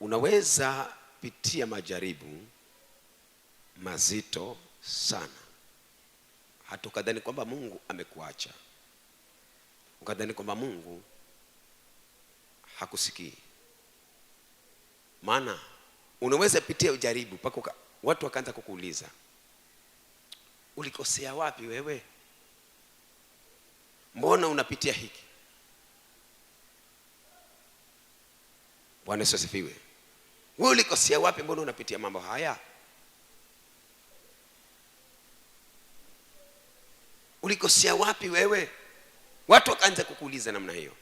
unaweza pitia majaribu mazito sana, hata ukadhani kwamba Mungu amekuacha, ukadhani kwamba Mungu hakusikii. Maana unaweza pitia ujaribu mpaka watu wakaanza kukuuliza ulikosea wapi wewe, mbona unapitia hiki? Bwana Yesu asifiwe. Wewe ulikosea wapi? Mbona unapitia mambo haya? Ulikosea wapi wewe? Watu wakaanza kukuuliza namna hiyo,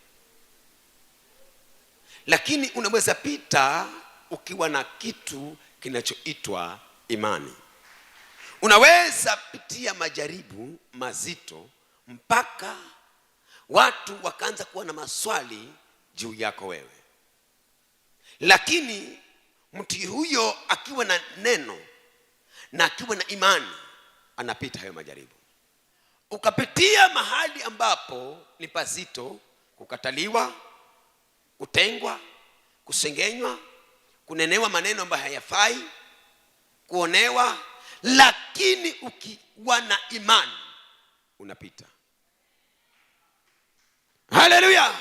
lakini unaweza pita ukiwa na kitu kinachoitwa imani. Unaweza pitia majaribu mazito mpaka watu wakaanza kuwa na maswali juu yako wewe, lakini mti huyo akiwa na neno na akiwa na imani anapita hayo majaribu. Ukapitia mahali ambapo ni pazito, kukataliwa, kutengwa, kusengenywa, kunenewa maneno ambayo hayafai, kuonewa, lakini ukiwa na imani unapita. Haleluya!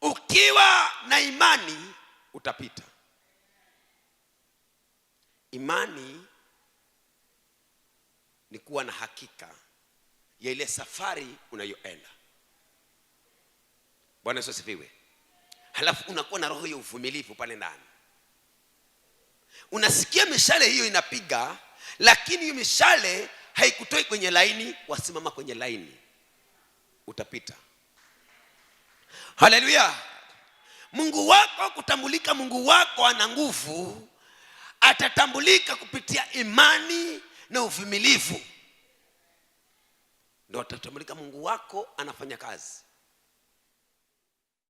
Ukiwa na imani utapita. Imani ni kuwa na hakika ya ile safari unayoenda. Bwana Yesu asifiwe. Halafu unakuwa na roho ya uvumilivu pale ndani. Unasikia mishale hiyo inapiga, lakini hiyo mishale haikutoi kwenye laini, wasimama kwenye laini, utapita. Haleluya. Mungu wako kutambulika. Mungu wako ana nguvu, atatambulika kupitia imani na uvumilivu, ndio atatambulika. Mungu wako anafanya kazi.